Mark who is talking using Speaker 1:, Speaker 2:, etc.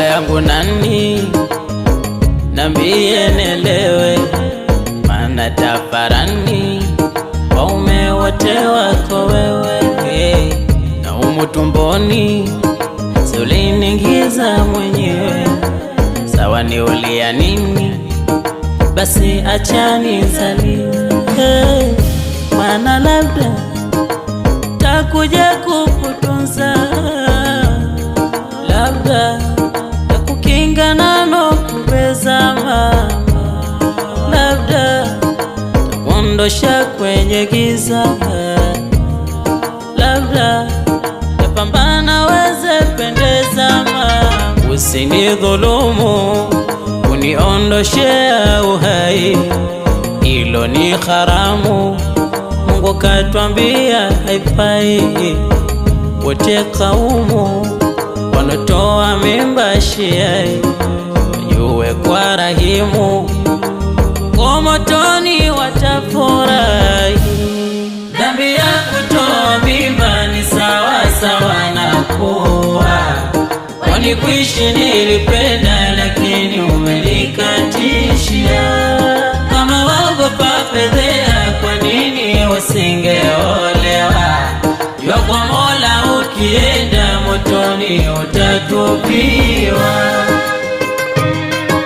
Speaker 1: Baba yangu nani, nambie nielewe, maana tafarani waume wote wako wewe, hey, eh, na umu tumboni siuliniingiza mwenyewe, sawa ni ulia nini, basi achani zaliwe, hey, eh, maana labda takuja ku kuniondosha kwenye giza, labda tapambana weze pendeza.
Speaker 2: Usinidhulumu, uniondoshea uhai, ilo ni haramu. Mungu katwambia haifai. Wote kaumu wanotoa mimba shiai, wajue kwa rahimu kwa motoni utafurahi.
Speaker 3: Dhambi yangu tobiba ni sawa sawa na kuwa, kwani kuishi nilipenda, lakini umenikatishia. Kama waogopa fedheha, kwa nini wasingeolewa? Jua kwa Mola ukienda motoni utatupia.